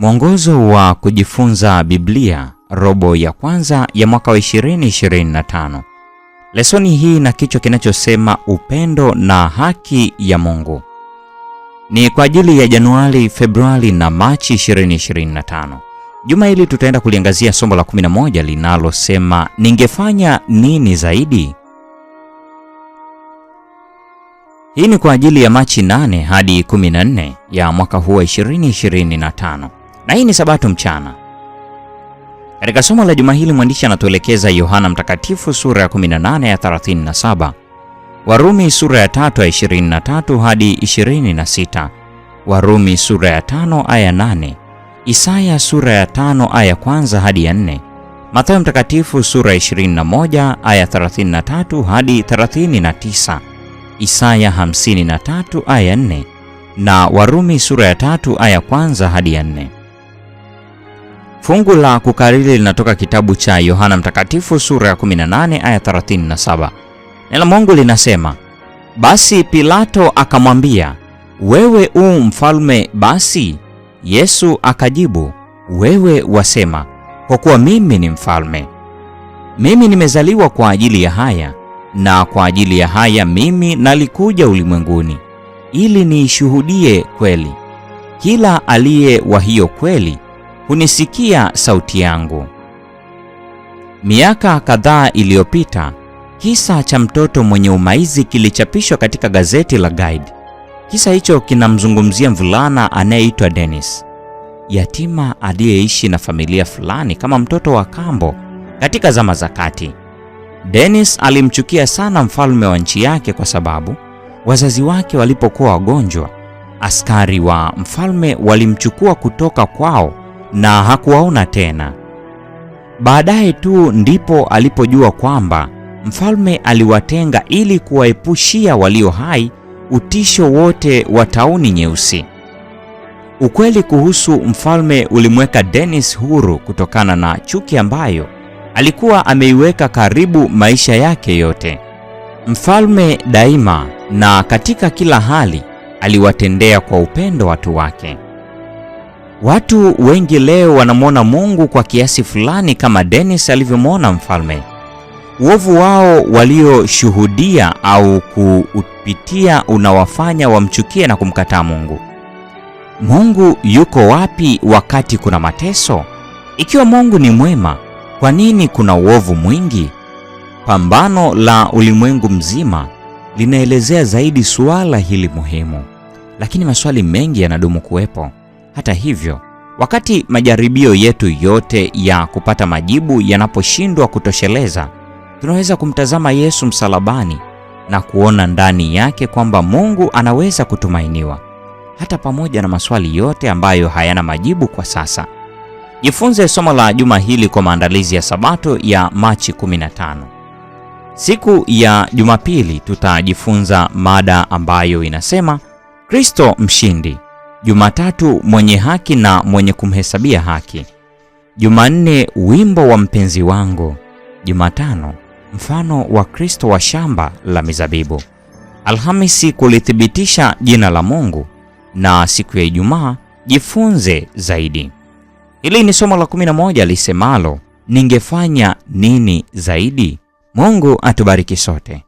Mwongozo wa kujifunza Biblia robo ya kwanza ya mwaka wa 2025. Lesoni hii na kichwa kinachosema upendo na haki ya Mungu ni kwa ajili ya Januari, Februari na Machi 2025. Juma hili tutaenda kuliangazia somo la 11 linalosema ningefanya nini zaidi. Hii ni kwa ajili ya Machi 8 hadi 14 ya mwaka huu wa 2025 na hii ni Sabato mchana. Katika somo la juma hili mwandishi anatuelekeza Yohana Mtakatifu sura ya 18 ya 37, Warumi sura ya 3 ya 23 hadi 26, Warumi sura ya 5 aya 8, Isaya sura ya 5 aya kwanza hadi ya 4, Mathayo Mtakatifu sura ya 21 aya 33 hadi 39, Isaya 53 aya 4 na Warumi sura ya 3 aya kwanza hadi ya 4. Fungu la kukariri linatoka kitabu cha Yohana Mtakatifu sura ya 18 aya 37. Neno Mungu linasema, basi Pilato akamwambia, wewe u mfalme basi? Yesu akajibu, wewe wasema, kwa kuwa mimi ni mfalme. Mimi nimezaliwa kwa ajili ya haya, na kwa ajili ya haya mimi nalikuja ulimwenguni, ili niishuhudie kweli. Kila aliye wa hiyo kweli hunisikia sauti yangu. Miaka kadhaa iliyopita, kisa cha mtoto mwenye umaizi kilichapishwa katika gazeti la Guide. Kisa hicho kinamzungumzia mvulana anayeitwa Dennis, yatima aliyeishi na familia fulani kama mtoto wa kambo katika zama za kati. Dennis alimchukia sana mfalme wa nchi yake kwa sababu wazazi wake walipokuwa wagonjwa, askari wa mfalme walimchukua kutoka kwao na hakuwaona tena. Baadaye tu ndipo alipojua kwamba mfalme aliwatenga ili kuwaepushia walio hai utisho wote wa tauni nyeusi. Ukweli kuhusu mfalme ulimweka Dennis huru kutokana na chuki ambayo alikuwa ameiweka karibu maisha yake yote. Mfalme daima na katika kila hali aliwatendea kwa upendo watu wake. Watu wengi leo wanamwona Mungu kwa kiasi fulani kama Dennis alivyomwona mfalme. Uovu wao walioshuhudia au kuupitia unawafanya wamchukie na kumkataa Mungu. Mungu yuko wapi wakati kuna mateso? Ikiwa Mungu ni mwema, kwa nini kuna uovu mwingi? Pambano la ulimwengu mzima linaelezea zaidi suala hili muhimu, lakini maswali mengi yanadumu kuwepo. Hata hivyo, wakati majaribio yetu yote ya kupata majibu yanaposhindwa kutosheleza, tunaweza kumtazama Yesu msalabani na kuona ndani yake kwamba Mungu anaweza kutumainiwa hata pamoja na maswali yote ambayo hayana majibu kwa sasa. Jifunze somo la juma hili kwa maandalizi ya Sabato ya Machi 15. Siku ya Jumapili tutajifunza mada ambayo inasema Kristo mshindi. Jumatatu, mwenye haki na mwenye kumhesabia haki. Jumanne, wimbo wa mpenzi wangu. Jumatano, mfano wa Kristo wa shamba la mizabibu. Alhamisi, kulithibitisha jina la Mungu, na siku ya Ijumaa, jifunze zaidi. Hili ni somo la 11 lisemalo ningefanya nini zaidi. Mungu atubariki sote.